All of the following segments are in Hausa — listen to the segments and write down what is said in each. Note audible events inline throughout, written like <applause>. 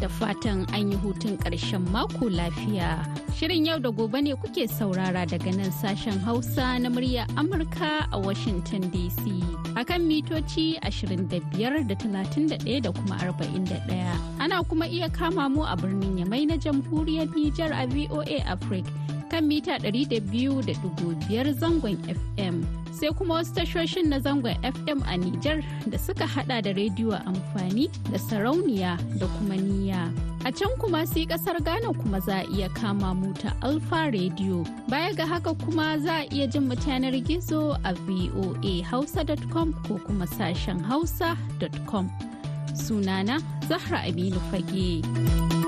da fatan an yi hutun ƙarshen mako lafiya. Shirin yau da gobe ne kuke saurara daga nan sashen Hausa na murya Amurka a Washington DC. Akan mitoci 25 da 31 da kuma 41. Ana kuma iya kama mu a birnin Yamai na jamhuriyar Nijar a VOA Africa. kan mita ɗari da 200.5 zangon FM sai kuma wasu tashoshin na zangon FM a Nijar da suka hada da rediyo amfani da sarauniya da kuma niya. A can kuma sai kasar Ghana kuma za a iya kama mu ta Alfa Radio. Baya ga haka kuma za a iya jin mutanar gizo a voa voahausa.com ko kuma sashen hausa.com. Sunana Zahra Aminu Fage.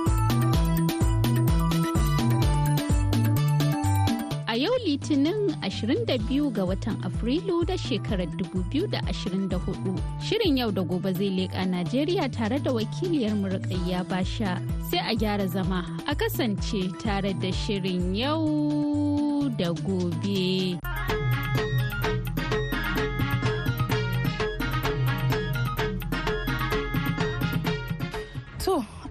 yau litinin 22 ga watan afrilu da shekarar 2024 shirin yau da gobe zai leƙa najeriya tare da wakiliyar murƙayya basha sai a gyara zama a kasance tare da shirin yau da gobe.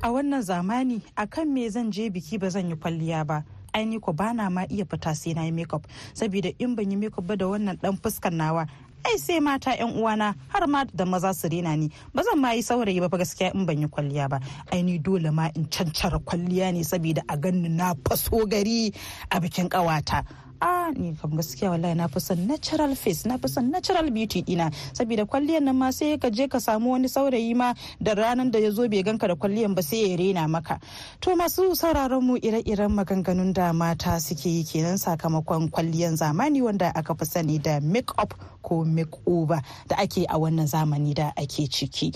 a wannan zamani a kan me zan je biki ba zan yi kwalliya ba aini ko ba na ma iya fita sai na yi makeup saboda in ban yi makeup ba da wannan dan fuskar nawa ai sai mata yan uwana har ma da maza su rena ni ba zan ma yi saurayi ba gaskiya in ban yi kwalliya ba ai dole ma in cancara kwalliya ne saboda a ganni na faso gari a bikin kawata a ni kam gaskiya wallahi na fi son natural face na fi son natural beauty dina saboda kwalliyan nan ma sai ka je ka samu wani saurayi ma da ranan da ya zo bai ganka da kwalliyan ba sai ya rena maka to masu sauraron mu ire-iren maganganun da mata suke yi kenan sakamakon kwalliyar zamani wanda aka fi sani da make up ko makeover da ake a wannan zamani da ake ciki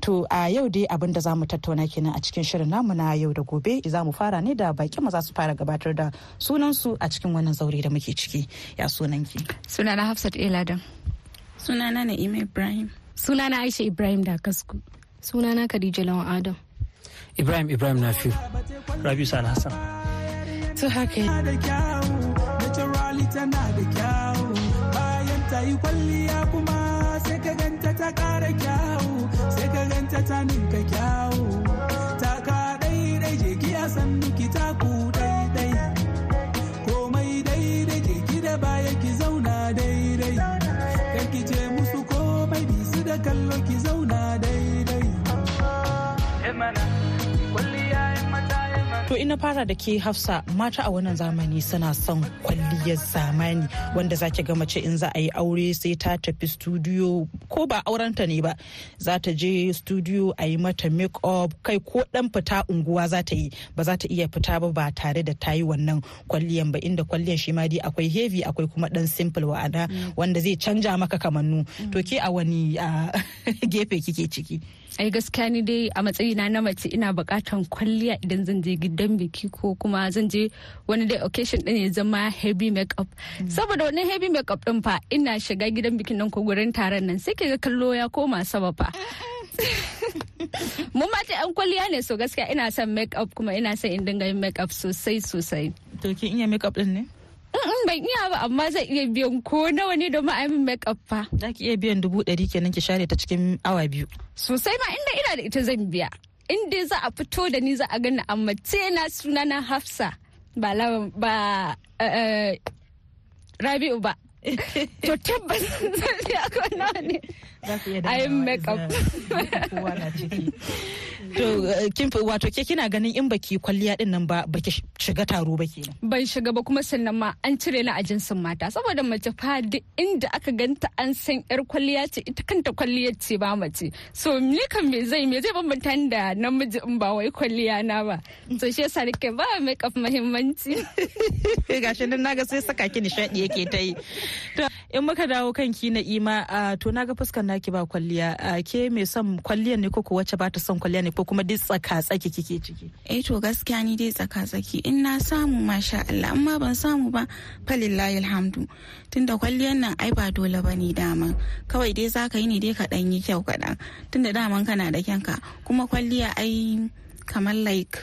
to a yau dai abin da zamu tattauna kenan a cikin shirin namu na yau da gobe za mu fara ne da baki mu za su fara gabatar da sunansu a cikin wannan zaure da muke ciki ya sunanki sunana hafsat eladan sunana na'ima ibrahim sunana aisha ibrahim da kasku sunana khadija lawan adam ibrahim ibrahim na fi. rabi sani hassan to haka da kyawu ta yi kwalliya kuma sai ka ganta ta kara kyawu sai ka ganta ta ninka kyawu ta ka daidai je ki a san ki ta ku daidai komai daidai je ki da baya ki zauna daidai kan ki je musu komai bi su da kallo ki zauna daidai eh, To ina fara da ke Hafsa mata a wannan zamani suna son kwalliyar zamani wanda zaki ga mace in za a yi aure sai ta tafi studio ko ba aurenta ne ba za ta je studio a yi mata make up kai ko dan fita unguwa za ta yi ba za ta iya fita ba ba tare da ta yi wannan kwalliyan ba inda kwalliyan shi ma dai akwai heavy akwai kuma dan simple wa'ada mm. wanda zai canja maka kamannu mm. to ke a wani ah, <laughs> gefe kike ciki ai gaskiya ni dai a matsayina na mace ina bukatan kwalliya idan zan je gidan biki ko kuma zan je wani dai occasion din ya zama heavy makeup mm. saboda wannan heavy makeup din fa ina shiga gidan bikin nan ko gurin taron nan sai ga kallo ya koma sama fa <laughs> mun ma yan kwalliya ne so gaskiya ina son makeup kuma ina son in dinga yin makeup sosai sosai to kin iya makeup din ne ban iya ba amma zai iya biyan ko nawa ne domin a yi min makeup fa. Za ki iya biyan dubu ɗari kenan ki share ta cikin awa biyu. Sosai ma inda ina da ita zan biya. In dai za a fito da ni za a gani amma ce na suna na Hafsa ba lawan ba eh, eh, Rabi'u ba. <laughs> To tabbas <laughs> zan biya ko nawa ne. ayin makeup <laughs> to eh, kin wato ke kina ganin in baki kwalliya din nan ba baki shiga taro ba kenan ban shiga ba kuma sannan ma an cire ni a jinsin mata saboda mace fa duk inda aka ganta an san yar kwalliya ce ita kanta kwalliya ce ba mace so ni kan me zai me zai bambanta da namiji in ba wai kwalliya na ba to shi yasa nake ba makeup muhimmanci <laughs> gashi nan naga sai saka ki nishadi yake ta yi in muka dawo kanki na ima ah, to naga fuskar na ki ba kwalliya a ke mai son kwalliyar ne ko ko wacce ba ta son kwalliya ne ko kuma dai tsaka tsaki kike ciki eh to gaskiya ni dai tsaka tsaki in na samu masha Allah amma ban samu ba falillahi alhamdu tunda kwalliyan nan ai ba dole bane dama kawai dai zaka yi ne dai kaɗan yi kyau kaɗan tunda daman kana da kyanka kuma kwalliya ai kamar like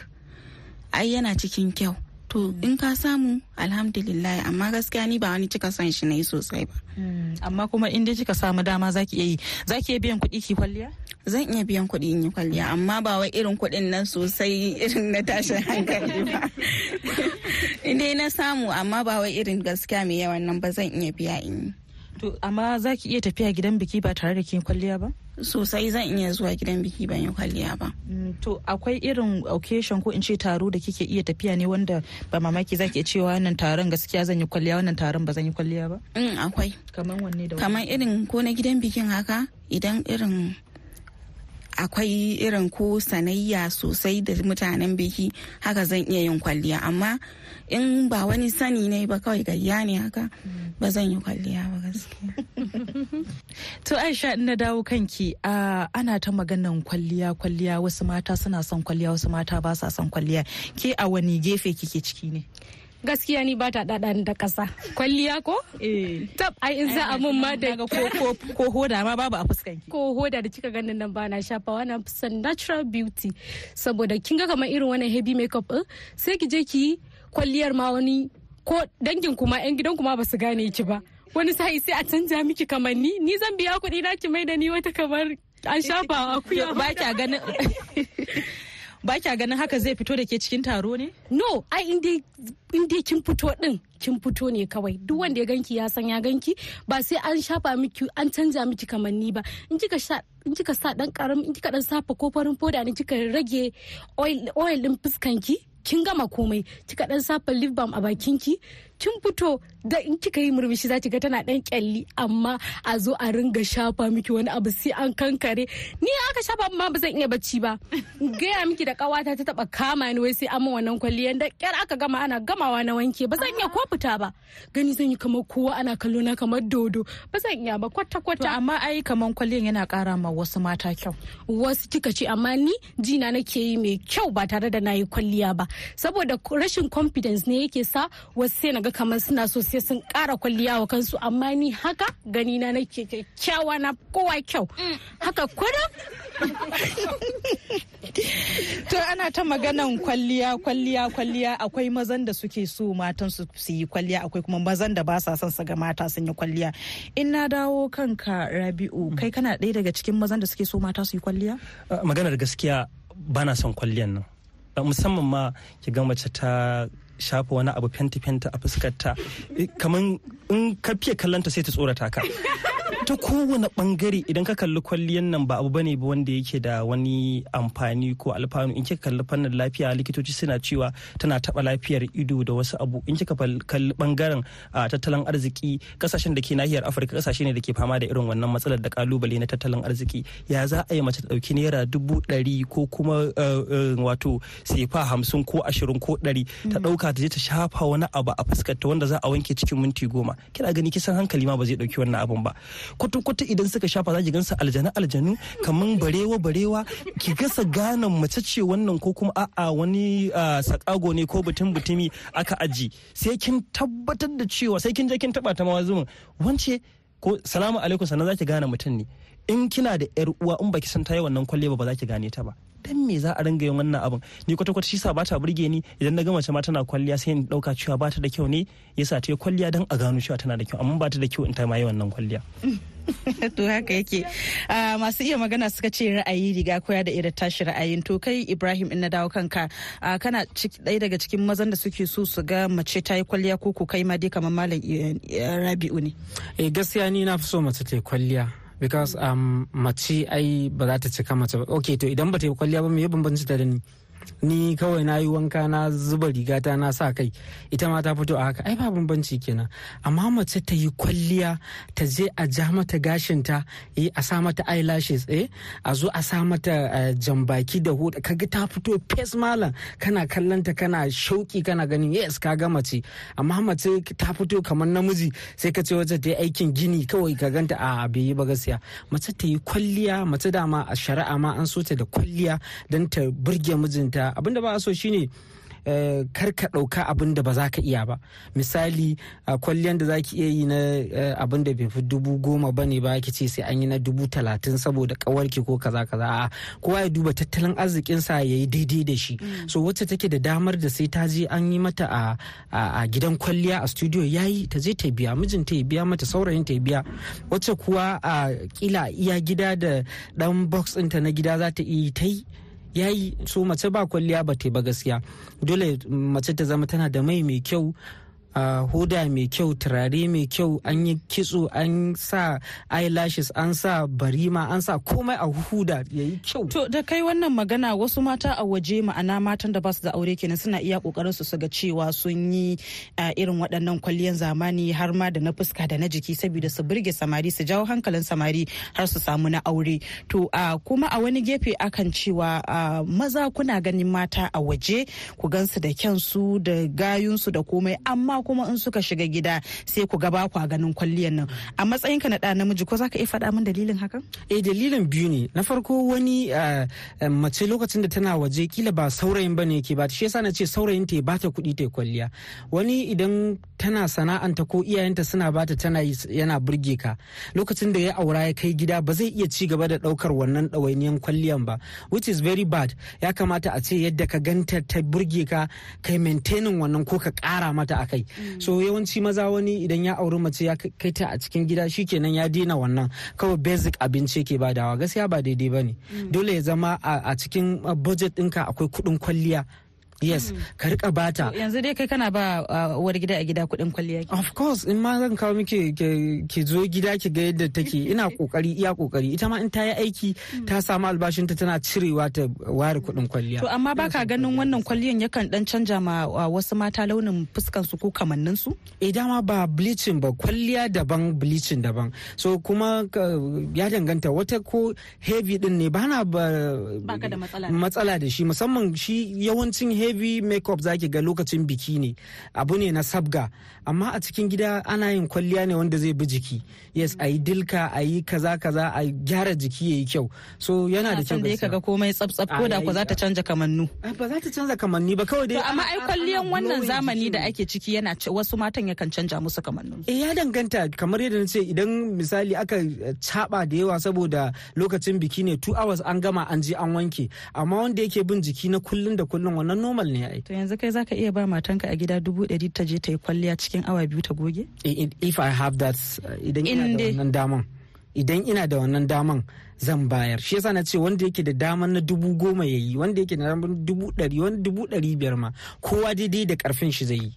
ai yana cikin kyau to in ka samu alhamdulillah amma gaskiya ni ba wani cika son shi na yi sosai ba hmm, amma kuma in dai kika samu dama zaki iya yi zaki iya biyan kuɗi ki kwalliya zan iya biyan kuɗi in yi kwalliya amma ba wai irin kuɗin nan sosai irin na tashin hankali ba <laughs> in dai na samu amma ba wai irin gaskiya mai yawan nan ba zan iya biya in yi To amma za ki iya tafiya gidan biki ba tare da kin kwalliya ba? Sosai zan iya zuwa gidan biki ban yi kwalliya ba. Mm, to akwai irin occasion ko in ce taro da kike iya tafiya ne wanda ba mamaki za ki iya cewa wannan taron gaskiya zan yi kwalliya wannan taron ba zan yi kwalliya ba? In mm, akwai. Kaman wanne da Kaman irin ko na gidan bikin haka idan irin akwai irin ko sanayya sosai da mutanen biki haka zan iya yin kwalliya amma in ba wani sani ne ba kawai gayya ne haka ba zan yi kwalliya ba gaskiya <laughs> to aisha in na dawo kanki ana ta maganan kwalliya kwalliya wasu mata suna son kwalliya wasu mata ba sa son kwalliya ke a wani gefe kike ciki ne gaskiya ni ba ta dadan da kasa kwalliya ko eh tab ai in za a mun ma da ko hoda ma babu a fuskan ki ko hoda da kika ganin nan ba na shafa wannan fusan natural beauty saboda kin ga kamar irin wannan heavy makeup din sai ki je ki kwalliyar ma wani ko dangin kuma yan gidan kuma ba su gane ki ba wani sa'i sai a canja miki kamar ni ni zan biya kuɗi na ki mai da ni wata kamar an shafa akuya ba ganin <laughs> ba kya ganin haka zai fito da ke cikin taro ne no ai in kin fito din kin fito ne kawai duk wanda ya ganki ya san ya ganki ba sai an shafa miki an canja miki kamanni ba in kika sha in kika sa dan karam in kika dan safa ko farin foda ne kika rage oil oil din fuskanki kin gama komai kika dan safa lip balm a bakinki kin fito da in kika yi murmushi za ki ga tana dan kyalli amma a zo a ringa shafa miki wani abu sai an kankare ni aka shafa ma ba zan iya bacci ba gaya miki da kawata ta taba kama ni wai sai amma wannan kwalliya da kyar aka gama ana gamawa na wanke ba zan iya ko fita ba gani zan yi kamar kowa ana kallo na kamar dodo ba zan iya ba kwata kwata amma ai kamar kwalliyan yana kara ma wasu mata kyau wasu kika ce amma ni jina nake yi mai kyau ba tare da nayi kwalliya ba saboda rashin confidence ne yake sa wasu sai naga kamar suna so sai sun kara kwalliya wa kansu amma ni haka gani na nake kyakkyawa na kowa kyau haka kudin <laughs> to ana ta maganan kwalliya kwalliya kwalliya akwai mazan da suke so matan su yi kwalliya akwai kuma mazan da ba sa son su ga mata sun yi kwalliya in na dawo kanka rabi'u mm. kai kana ɗaya daga cikin mazan da suke so mata su yi kwalliya ah, maganar gaskiya bana son kwalliyan nan ah, musamman ma ki ga mace ta shafa wani abu fenti-fenti a fuskarta eh, kamar in ka fiye kallonta sai ta tsorata ka ta kowane bangare idan ka kalli kwalliyan nan ba abu bane ba wanda yake da wani amfani ko alfanu in kika kalli fannin lafiya likitoci suna cewa tana taba lafiyar ido da wasu abu in kika kalli bangaren tattalin arziki kasashen da ke nahiyar afirka kasashe ne da ke fama da irin wannan matsalar da kalubale na tattalin arziki ya za a yi mace ta dauki naira dubu dari ko kuma e, e, wato sefa hamsin ko ashirin ko dari ta mm. ɗauka ta je ta shafa wani abu a fuskarta wanda za a wanke cikin minti goma kina gani kisan hankali ma ba zai ɗauki wannan abun ba kwata-kwata idan suka shafa za ki gansu aljanu aljanu kaman barewa barewa ki gasa gane mace ce wannan ko kuma a'a wani sakago ne ko butun butumi aka aji sai kin tabbatar da cewa sai kin je kin taba ta mawazumin wance ko salamu alaikum sannan za ki gane mutum ne in kina da yar uwa in baki san ta yi wannan kwalle ba ba za ki gane ta ba dan me za a ringa yin wannan abin ni kwata kwata shi sa bata burge ni idan na ga mace ma tana kwalliya sai in dauka cewa bata da kyau ne yasa ta yi kwalliya dan a gano cewa tana da kyau amma bata da kyau in ta ma yi wannan kwalliya <laughs> to haka yake ah, masu iya magana suka ce ra'ayi riga koya da irin tashi ra'ayin to kai ibrahim in na dawo kanka ah, kana ɗaya daga cikin mazan da suke so su ga mace ta yi kwalliya ko ku kai ma dai kamar malam eh, rabi'u ne eh gaskiya ni na fi so mace ta yi kwalliya because um, mace ai ba za ta cika mace ba okay to idan ba ta yi kwalliya ba me ya bambanci da ni ni kawai na yi wanka na zuba rigata na sa kai ita ma ta fito a haka ai ba bambanci kenan amma mace ta yi kwalliya ta je a ja mata gashinta ta eh, a sa mata eyelashes eh a zo a sa mata eh, jambaki da huda kaga ta fito face malam kana kallon ta kana shauki kana ganin yes ka ga mace amma mace ta fito kamar namiji sai ka ce wacce ta yi aikin gini kawai ka ganta a bai yi ba gaskiya mace ta yi kwalliya mace dama a shari'a ma an so ta da kwalliya don ta burge mijinta inganta abinda ba a so shine eh, kar ka ɗauka abin da ba za ka iya ba misali a kwalliyar da za ki iya yi na eh, abinda da bai fi dubu goma ba ne ba ki ce sai an yi na dubu talatin saboda ki ko kaza kaza a kowa ya duba tattalin arzikinsa ya yi daidai da shi mm. so wacce take da damar da sai ta je an yi mata a, gidan kwalliya a studio ya yi ta je ta biya mijinta ya biya mata saurayin ta biya wacce kuwa a kila iya gida da dan box ɗinta na gida za ta iya ta yi ya yi so mace ba kwalliya ba ta ba gaskiya dole mace ta zama tana da mai mai kyau uh, huda mai kyau turare mai kyau an yi kitso an sa eyelashes an sa barima an sa komai a huda ya yi kyau to da kai wannan magana wasu mata a waje ma'ana matan da ba su da aure kenan suna iya kokarin su ga cewa sun yi irin waɗannan kwalliyan zamani har ma da na fuska da na jiki saboda su burge samari su jawo hankalin samari har su samu na aure to a kuma a wani gefe akan cewa maza kuna ganin mata a waje ku gansu da kyansu da gayunsu da komai amma kuma in suka shiga gida sai ku gaba ku a ganin kwalliyan nan a matsayin ka na da namiji ko zaka iya faɗa min dalilin hakan eh dalilin biyu ne na farko wani eh, eh, mace lokacin da tana waje kila ba saurayin bane yake ba shi yasa na ce saurayin ta ba ta kuɗi ta kwalliya wani idan tana sana'anta ko iyayenta suna bata tana yana burge ka lokacin da ya aura ya kai gida ba zai iya ci gaba da ɗaukar wannan ɗawainiyan kwalliyan ba which is very bad ya kamata a ce yadda ka ganta ta burge ka kai maintaining wannan ko ka ƙara mata akai so yawanci maza wani idan ya auri mace ya kai ta a cikin gida shikenan ya dina wannan kawai basic abinci ke badawa gaskiya ba daidai ba ne mm. dole ya zama a cikin uh, budget ɗinka akwai kuɗin kwalliya yes mm. ka rika bata yanzu dai kai kana ba uh, uwar gida a gida kuɗin kwalliya of course in ma zan kawo miki ki zo gida ki ga yadda take <laughs> ina kokari iya kokari ita ma in ta yi aiki mm. ta samu albashinta tana cirewa ta ware kuɗin kwalliya to amma baka ganin wannan kwalliyan yakan dan canja ma uh, wasu mata launin fuskan su ko kamannin su eh dama ba bleaching ba kwalliya daban bleaching daban so kuma ya danganta wata ko heavy din ne bana ba matsala da shi musamman shi yawancin heavy heavy makeup zaki ga lokacin biki ne abu ne na sabga amma a cikin gida ana yin kwalliya ne wanda zai bi jiki yes a yi dilka a yi kaza kaza a gyara jiki ya yi kyau so yana da kyau gaskiya kaga komai tsabtsab ko da ko za ta canza kamannu ba za ta canza kamanni ba kawai dai amma ai kwalliyan wannan zamani da ake ciki yana wasu matan yakan canja musu kamannu eh ya danganta kamar yadda na ce idan misali aka eh, caba da yawa saboda lokacin biki ne 2 hours an gama an je an wanke amma wanda yake bin jiki na kullun da kullun wannan normal ne ai to yanzu kai zaka iya ba matanka a gida dubu ɗari ta je ta yi kwalliya cikin awa biyu ta goge if i have that uh, idan ina da wannan daman idan ina da wannan daman zan bayar shi yasa na ce wanda yake da daman na dubu goma ya yi wanda yake da daman dubu ɗari wani dubu ɗari biyar ma kowa daidai da karfin shi zai yi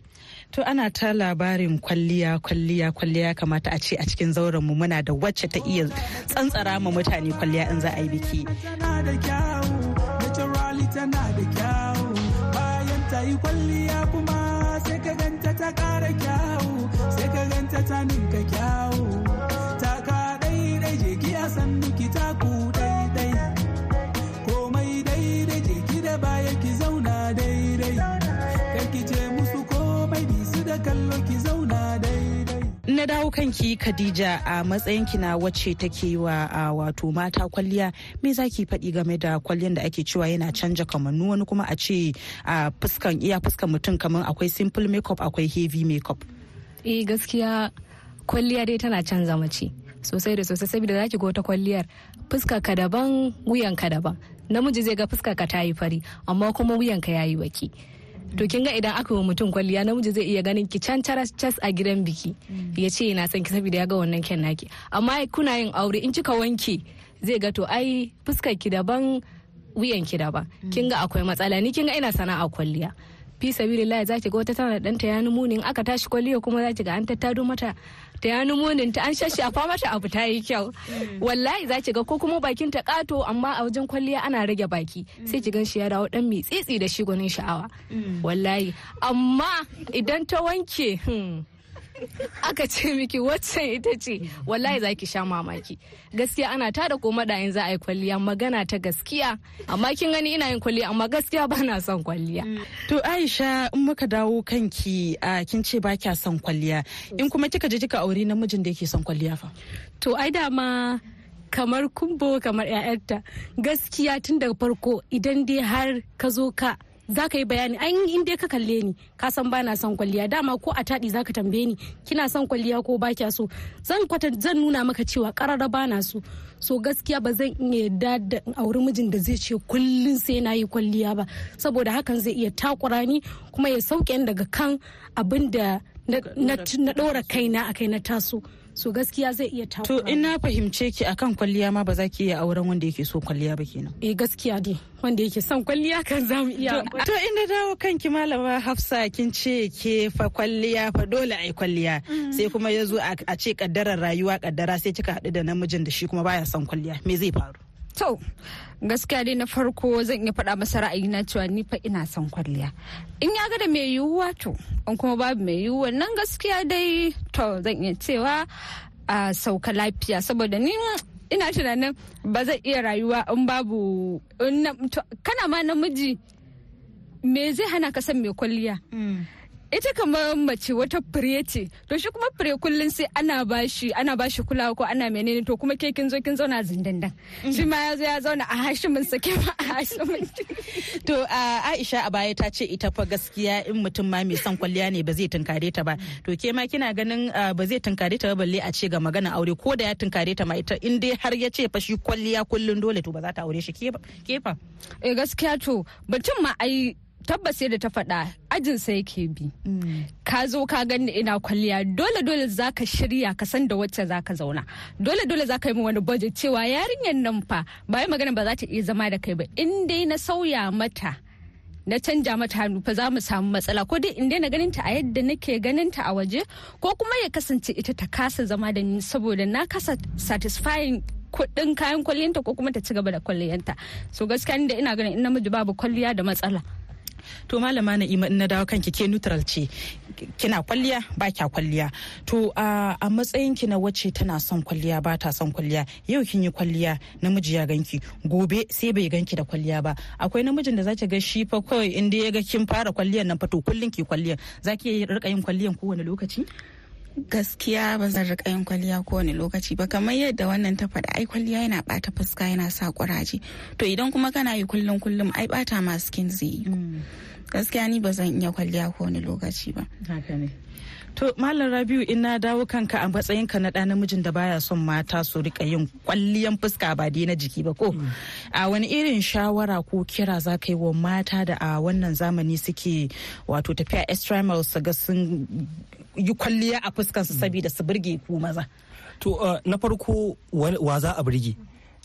To ana ta labarin kwalliya kwalliya kwalliya kamata a ce a cikin zauren mu muna da wacce ta iya tsantsara ma mutane kwalliya in za a yi biki. Tana da tana da yi kwalliya kuma sai ka ganta ta kara kyawu sai ka ganta ta ninka kyawu na dawo kanki Khadija a matsayin ki na wacce take wa wato mata kwalliya me zaki faɗi game da kwalliyan da ake cewa yana canja kamannu wani kuma a ce a fuskan iya fuskan mutum kamar akwai simple makeup akwai heavy makeup. Eh gaskiya kwalliya dai tana canza mace sosai da sosai saboda za ki wata kwalliyar fuska ka daban wuyan ka daban namiji zai ga fuska ka ta yi fari amma kuma wuyan ka yayi baki to kin ga idan aka wa mutum kwalliya namiji zai iya ganin ki can caras cas a gidan biki mm. ya ce yana son ki saboda ya ga wannan kyan naki amma kuna yin aure in kika wanke zai ga to ai fuskar ki daban wuyan ki daban mm. kin ga akwai matsala ni kin ga ina sana'a kwalliya fi sabilillah za ki ga wata tana da ɗanta ya numunin aka tashi kwalliya kuma za ki ga an tattado mata ta ya numonin ta an shashafa mata abu ta yi kyau wallahi za ki ga ko kuma bakin ta kato amma a wajen kwalliya ana rage baki sai ki gan shi ya dawo dan mitsitsi da shi gwanin sha'awa mm. wallahi amma idan ta wanke hmm, aka ce miki waccan ita ce wallahi za ki sha mamaki gaskiya ana ta da koma da za a yi kwalliya magana ta gaskiya amma kin gani ina yin kwalliya amma gaskiya ba na son kwalliya to aisha in muka dawo kanki a kin ce ba kya son kwalliya in kuma kika je kika aure namijin da yake son kwalliya fa to ai dama kamar kumbo kamar 'ya'yarta gaskiya tun daga farko idan dai har ka zo ka za ka yi bayani an in dai ka kalle ni ka san bana son kwalliya dama ko a taɗi za ka tambaye ni kina son kwalliya ko ba kya so zan kwata zan nuna maka cewa karara bana so so gaskiya ba zan iya yarda da auri mijin da zai ce kullum sai na yi kwalliya ba saboda hakan zai iya takura ni kuma ya sauke daga kan abin na ɗora kaina a kai na taso. so gaskiya zai iya ta to in na fahimce ki akan kwalliya ma ba za ki iya auren wanda yake so kwalliya ba kenan eh gaskiya dai wanda yake son kwalliya kan za mu iya to inda dawo kanki malama hafsa kin ce ke fa kwalliya fa dole ai kwalliya mm-hmm. sai kuma ya zo a ce kaddarar rayuwa kaddara sai kika haɗu da namijin da shi kuma baya son kwalliya me zai faru To, gaskiya dai na farko zan iya faɗa masa ra'ayi na cewa ni fa ina son kwalliya. In ya ga da mai yiwuwa to, in kuma babu mai yiwuwa nan gaskiya dai to zan iya cewa a sauka lafiya saboda ni ina tunanin ba zai iya rayuwa in babu kana ma namiji me zai hana ka san mai kwalliya. Mm. ita kamar mace wata fure ce to shi kuma fure kullum sai ana bashi ana bashi kulawa ko ana menene to kuma ke kin zo kin zauna zindandan mm. shi ma ya zo ya zauna a hashi mun sake ma a mun to Aisha a baya ta ce ita fa gaskiya in mutum ma mai son kwalliya ne ba zai tunkare ta ba to ke ma kina ganin ba zai tunkare ta ba balle a ce ga magana aure ko da ya tunkare ta ma ita in dai har ya ce fa shi kwalliya kullum dole to ba za ta aure shi ke fa eh gaskiya to batun ma ai tabbas yadda ta faɗa ajin sa yake bi mm. ka zo ka gani ina kwalliya dole dole za ka shirya ka san da wacce ka zauna dole dole za ka yi min wani budget cewa yarinyar nan fa ba magana ba za ta iya zama da kai ba in dai na sauya mata na canja mata hannu fa za mu samu matsala ko dai in daina ganin ta a yadda nake ganin ta a waje ko kuma ya kasance ita ta kasa zama da ni saboda na kasa satisfying kuɗin kayan kwalliyanta ko kuma ta ci gaba da kwalliyanta so gaskiya ni da ina ganin in namiji babu kwalliya da matsala to malama na'ima in na dawo kanki ke neutral ce kina kwalliya ba kya kwalliya to a matsayin ki na wacce tana son kwalliya ba ta son kwalliya yau kin yi kwalliya namiji ya ganki gobe sai bai ganki da kwalliya ba akwai namijin da zaki ga shi fa kawai in da ya ga kin fara kwalliyan nan fa to kullun ki kwalliyan zaki rika yin kwalliyan kowane lokaci gaskiya ba zan rika yin kwalliya ko kowane lokaci ba kamar yadda wannan ta faɗa ai kwalliya yana bata fuska yana sa kuraje to idan kuma kana yi kullum kullum ai bata masu skin zai yi mm. gaskiya ni ba zan iya kwalliya kowane lokaci ba To Malam Rabiu ina dawo kanka a matsayinka na ɗa namijin da baya son mata su rika yin kwalliyan fuska ba dai na jiki ba ko. Mm. A wani irin shawara ko kira za ka yi wa mata da a wannan zamani suke wato tafiya extra su ga sun yi kwalliya a fuskansu mm. saboda su burge ku maza. To uh, na farko wa za a burge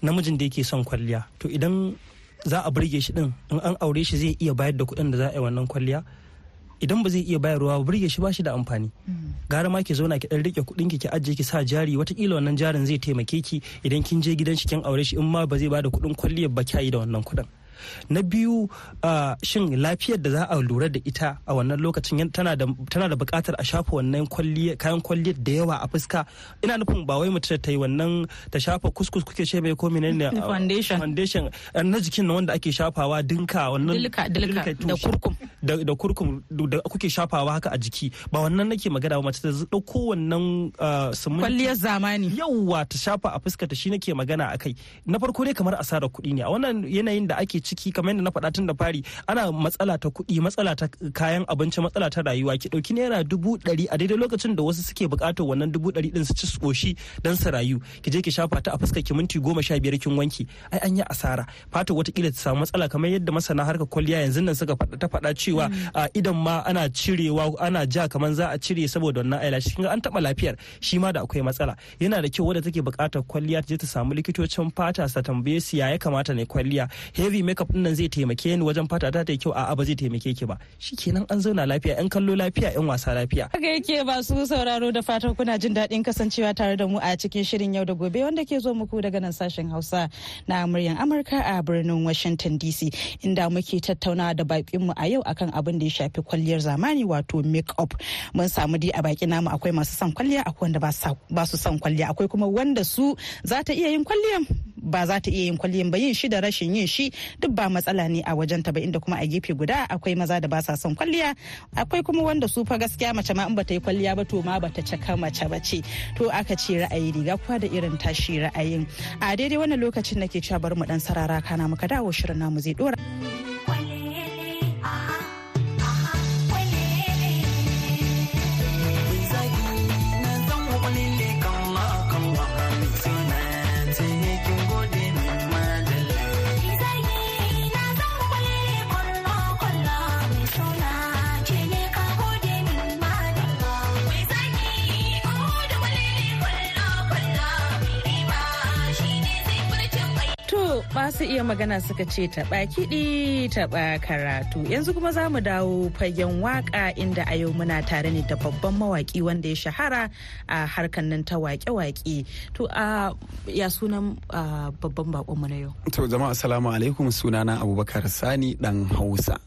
namijin da yake son kwalliya to idan za a burge shi din in an aure shi zai iya bayar da kuɗin da za a yi wannan kwalliya idan ba zai iya bayarwa ba burge shi ba shi da amfani gara ma ki zauna ki dan rike kudin ki ki ajiye ki sa jari watakila wannan jarin zai taimake ki idan kin je gidan shi kin aure shi in ma ba zai bada kudin kwalliyar ba kiyi da wannan kudin na biyu shin lafiyar da za a lura da ita a wannan lokacin tana da buƙatar a shafa wannan kayan kwalliyar da yawa a fuska ina nufin ba wai mutum ta yi wannan ta shafa kuskus kuke ce bai ko menene <laughs> foundation na jikin na wanda ake shafawa dinka wannan da kurkum da kurkum da kuke shafawa haka a jiki ba wannan nake magana ba mace ta dauko wannan kwalliyar zamani yawa ta shafa a fuska ta shi nake magana akai na farko ne kamar asarar kuɗi ne a wannan yanayin da ake ciki kamar yadda na faɗa tun da fari ana matsala ta kuɗi matsala ta kayan abinci matsala ta rayuwa ki ɗauki naira dubu ɗari a daidai lokacin da wasu suke buƙatar wannan dubu ɗari ɗin su ci su ƙoshi don su rayu ki je ki shafa ta a fuska ki minti goma sha biyar kin wanki ai an yi asara fata watakila ta samu matsala kamar yadda masana harkar kwalliya yanzu nan suka faɗa ta faɗa cewa mm. idan ma ana cirewa ana ja kamar za a cire saboda wannan eyelash kin an taɓa lafiyar shi ma da akwai matsala yana da kyau wadda take buƙatar kwalliya ta je ta samu likitocin fata sa tambaye su ya kamata ne kwalliya heavy makeup din nan zai taimake ni wajen fata ta ta kyau a ba zai taimake ki ba kenan an zauna lafiya yan kallo lafiya yan wasa lafiya haka yake ba su sauraro da fatan kuna jin daɗin kasancewa tare da mu a cikin shirin yau da gobe wanda ke zo muku daga nan sashen Hausa na muryan Amurka a birnin Washington DC inda muke tattaunawa da bakin mu a yau akan abin da ya shafi kwalliyar zamani wato makeup mun samu dai a baki namu akwai masu son kwalliya akwai wanda ba su son kwalliya akwai kuma wanda su za ta iya yin kwalliyan ba za ta iya yin kwalliyan ba yin shi da rashin yin shi duk ba matsala ne a wajen ta ba inda kuma a gefe guda akwai maza da ba sa son kwalliya akwai kuma wanda su fa gaskiya mace ma in ba ta yi kwalliya ba to ma ba ta cika mace ba ce to aka ce ra'ayi riga kuwa da irin tashi ra'ayin a daidai wannan lokacin nake cewa bari mu dan sarara kana muka dawo shirin namu zai dora. ba su iya magana suka ce taɓa kiɗi taɓa karatu yanzu kuma za mu dawo fagen waka inda a yau muna tare ne da babban mawaƙi wanda ya shahara a harkan nan ta waƙe-waƙe to a ya sunan babban mu na yau to jama'a assalamu alaikum sunana abubakar sani dan hausa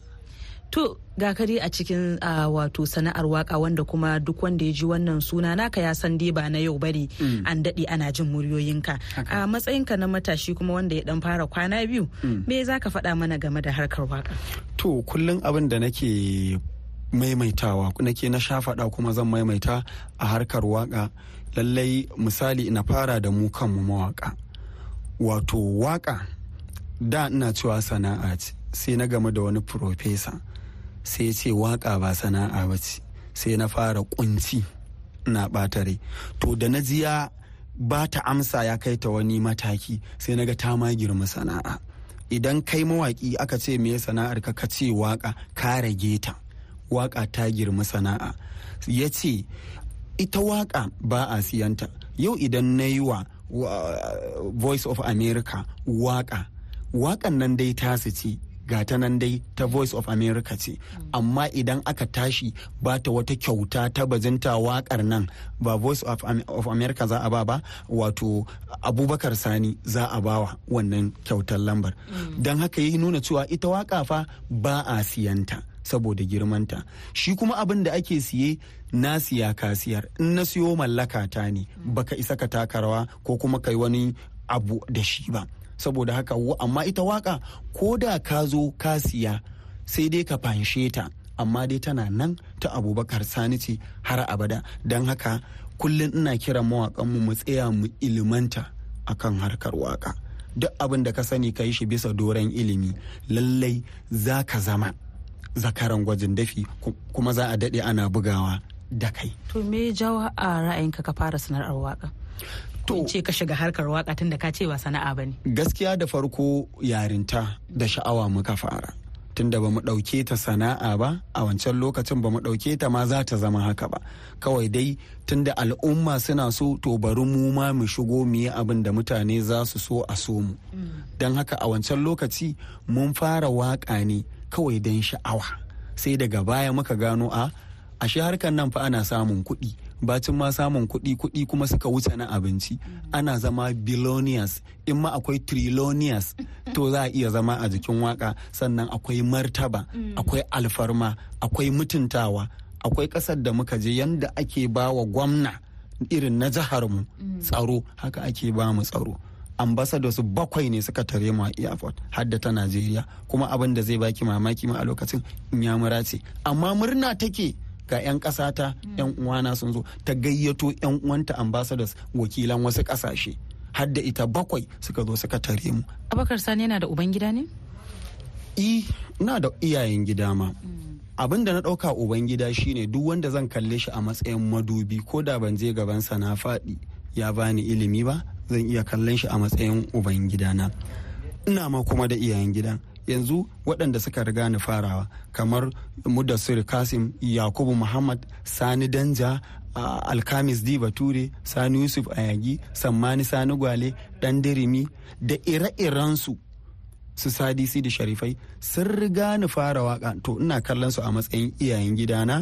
To ga kare a cikin uh, wato sana'ar waka wanda kuma duk wanda ya ji wannan suna naka ya san dai ba na yau bari mm. an daɗe ana jin muryoyinka. A okay. matsayinka na matashi kuma wanda ya dan fara kwana biyu mm. me za ka faɗa mana game da harkar waka? To kullum abin da nake maimaitawa nake na shafaɗa kuma zan maimaita a harkar waka lallai misali na fara da mu kanmu mawaka wato waka da ina cewa sana'a ce sai na game da wani profesa sai ce waka ba sana'a ba ce sai na fara kunci na ɓata rai to da na jiya ba ta amsa ya kai ta wani mataki sai na ga ta ma girma sana'a idan kai mawaki aka ce me sana'ar ka ka ce waka ka rage ta waka ta girma sana'a ya ce ita waka ba a siyanta yau idan na yi wa voice of america waka wakan nan dai tasu ce gata nan dai ta voice of america ce amma idan aka tashi ba ta wata kyauta ta bazinta wakar nan ba voice of, of america za a ba ba wato abubakar sani za a bawa wannan kyautar lambar don haka yi nuna cewa ita waka fa ba a siyanta saboda girmanta shi kuma abin da ake siye na siya kasiyar in na siyo mallaka ta ne baka isa ka taka rawa ko kuma kai wani abu da shi ba saboda haka amma ita waka ko da ka zo ka siya sai dai ka fanshe ta amma dai tana nan ta abubakar sani ce har abada don haka kullum ina kiran mawakanmu mu tsaya mu ilimanta akan harkar waka duk abin da ka sani ka yi shi bisa doron ilimi lallai za ka zama zakaran gwajin dafi kuma za a daɗe ana bugawa da kai to me jawo a ra'ayinka ka fara sanar waka to ce ka shiga harkar waka tun da ka ce ba sana'a ba ne. gaskiya da farko yarinta da sha'awa muka fara da ba mu ɗauke ta sana'a ba a wancan lokacin ba mu ɗauke ta ma za ta zama haka ba kawai dai tun da al'umma suna so to bari mu ma mu shigo mu yi abin da mutane za su so a so mu mm. don haka a wancan lokaci mun fara waka ne kawai don sha'awa sai daga baya muka gano a ashe harkar nan fa ana samun kuɗi bacin ma samun kuɗi kuɗi kuma suka wuce na abinci ana zama bilonias in ma akwai trilonias <laughs> to za a iya zama a jikin waka sannan akwai martaba mm. akwai alfarma akwai mutuntawa akwai ƙasar da muka je yanda ake ba wa gwamna irin na jihar mu mm. tsaro haka ake ba mu tsaro ambassadors bakwai ne suka tare mu a airport har da ta Najeriya kuma abin da zai baki mamaki ma a lokacin in ya ce amma murna take ga 'yan ƙasata 'yan uwana sun zo ta gayyato 'yan uwanta ambassadors wakilan wasu ƙasashe har da ita bakwai suka zo suka tare mu abakar sani yana da uban gida ne i na da iyayen gida ma abin da na ɗauka uban gida shine duk wanda zan kalle shi a matsayin madubi ko da ban je gaban sa na faɗi ya bani ilimi ba zan iya kallon shi a matsayin uban gidana ina ma kuma da iyayen gidan yanzu waɗanda suka riga ni farawa kamar mudassir kasim yakubu muhammad sani danja alkamis di bature sani yusuf ayagi sammani sani gwale dan dirimi da ire-irensu su sadisi da sharifai sun riga ni fara waka to ina kallon su a matsayin iyayen gidana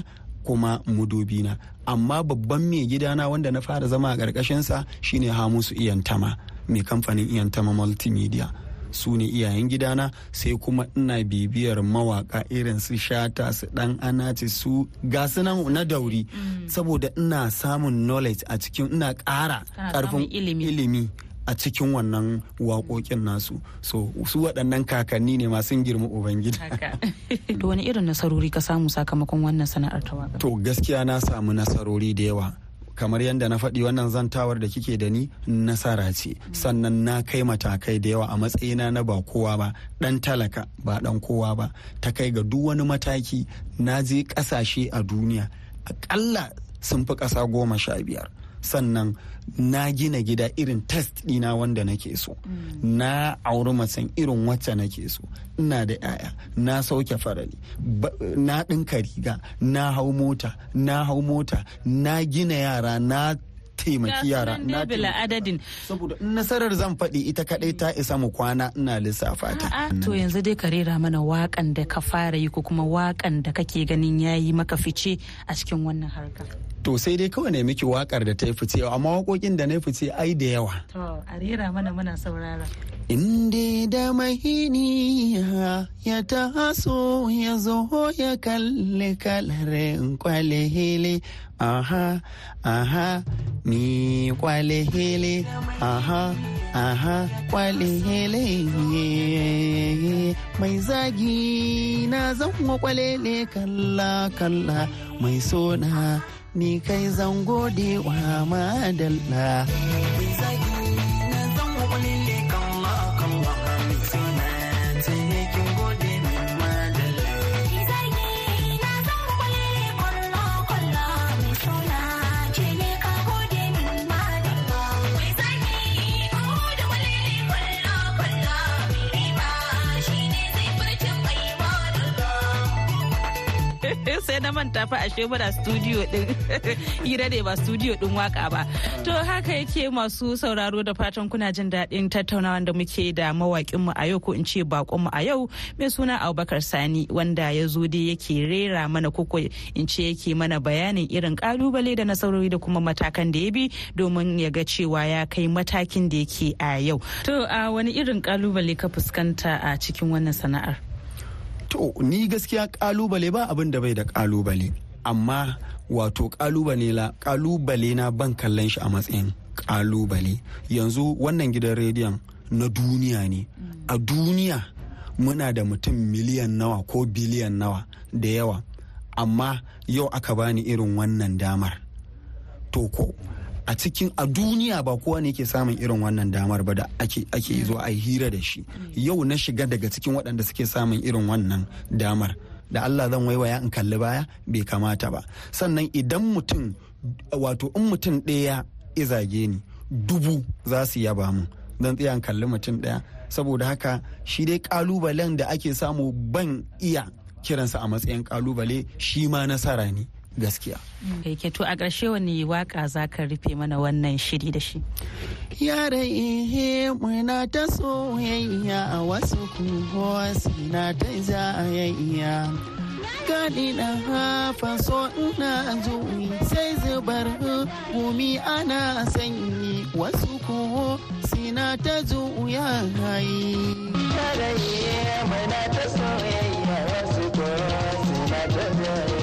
kuma mudubina amma babban mai gidana wanda na fara zama a ƙarƙashinsa shine hamusu iyantama mai kamfanin iyantama multimedia su ne iyayen gidana sai kuma ina bibiyar mawaka irin su shata su dan ce su gasu na dauri mm. saboda ina samun knowledge a cikin ina ƙara karfin ilimi a cikin wannan waƙoƙin nasu so su waɗannan kakanni ne masu girma ubangiji <laughs> to wani irin nasarori ka samu sakamakon wannan sana'ar ta to gaskiya na samu nasarori da yawa kamar yadda na faɗi wannan zantawar da kike da ni nasara ce sannan na kai matakai da yawa a matsayina na ba kowa ba ɗan talaka ba ɗan kowa ba ta kai ga duk wani mataki na je ƙasashe a duniya aƙalla sun fi ƙasa goma sha biyar sannan na gina gida irin test dina wanda nake so na auri masan irin wacce nake so ina da 'ya'ya na sauke farali na ɗinka riga na hau mota na hau mota na gina yara na taimaki yara na bila adadin saboda nasarar zan faɗi ita kadai ta isa mu kwana ina lissafa ta to yanzu dai ka rera mana wakan da ka fara yi ko kuma wakan da kake ganin yayi maka fice a cikin wannan harkar to sai dai kawai ne miki wakar da ta yi fice amma wakokin da na yi fice ai da yawa to a rera mana muna saurara inda da mahini ya taso ya zo ya kalli kalarin kwalehele aha aha ni kwalehele aha aha mai zagi na zango kwalele kalla kalla mai sona ni kai zango gode wa madalla. manta fa ashe da studio din <laughs> hira ne ba studio din waka ba to haka yake masu sauraro da fatan kuna jin daɗin tattaunawa da muke da mawakin mu a yau ko in ce bakon mu a yau mai suna Abubakar Sani wanda ya zo dai yake rera mana koko in ce yake mana bayanin irin kalubale da nasarori da kuma matakan da ya bi domin ya ga cewa ya kai matakin da yake a yau to a wani irin kalubale ka fuskanta a cikin wannan sana'ar to ni gaskiya kalubale ba abin da bai da kalubale amma wato kalubale la kalubale na ban kallon shi a matsayin kalubale yanzu wannan gidan rediyon na duniya ne a duniya muna da mutum miliyan nawa ko biliyan nawa da yawa amma yau aka bani irin wannan damar to ko a cikin a duniya ba kowa ne ke samun irin wannan damar ba da ake mm. zuwa a hira da shi mm. yau na shiga daga cikin waɗanda suke samun irin wannan damar da Allah zan waiwaya in kalli baya bai kamata ba sannan idan mutum wato in mutum ɗaya izage ni dubu za su yaba mu zan tsaya in kalli mutum ɗaya saboda haka shi dai kalubalen da ake samu ban iya kiransa a matsayin kalubale shi ma nasara ne gaskiya. Eh, ke to a ƙarshe wani waka za ka rufe mana wannan shiri da shi. Yara ihe eh, muna ta soyayya a wasu kuma wasu na ta zayayya. Gani na hafa so ina zuwi sai zubar gumi ana sanyi wasu kuwa sina ta juya hayi. Yara ihe eh, muna ta soyayya wasu kuma suna ta zayayya.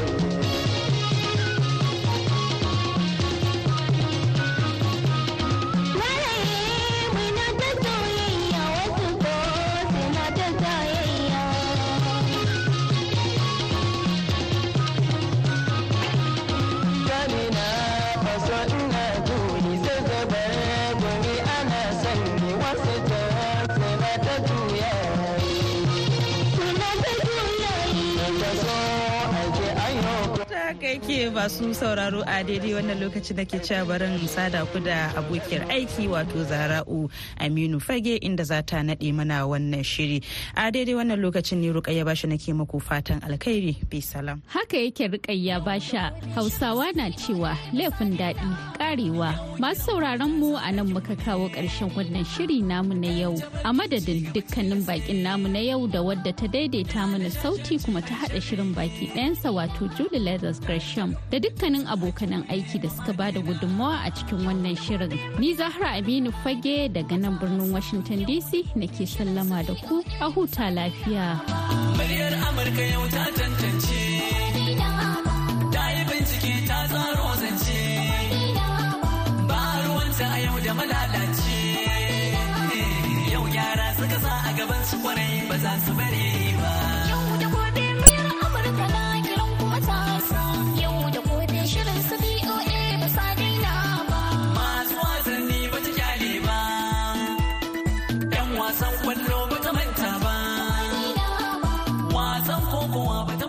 masu sauraro a daidai wannan lokaci da ke cewa barin sada ku da abokiyar aiki wato zara'u aminu fage inda za ta naɗe mana wannan shiri a daidai wannan lokacin ne rukayya bashi ke muku fatan alkhairi bi salam haka yake rukayya basha hausawa na cewa laifin daɗi karewa. Masu sauraron mu a nan muka kawo ƙarshen wannan shiri namu na yau. A madadin dukkanin bakin namu na yau da wadda ta daidaita mana sauti kuma ta haɗa shirin baki ɗayansa wato Julie Leathers Gresham da dukkanin abokanan aiki da suka ba da gudunmawa a cikin wannan shirin. Ni Zahra Aminu Fage daga nan birnin Washington DC nake sallama da ku a huta lafiya. Muryar yau ta tantance. ya malalace eh, yau yara suka sa a gaban su kwarai ba za su bari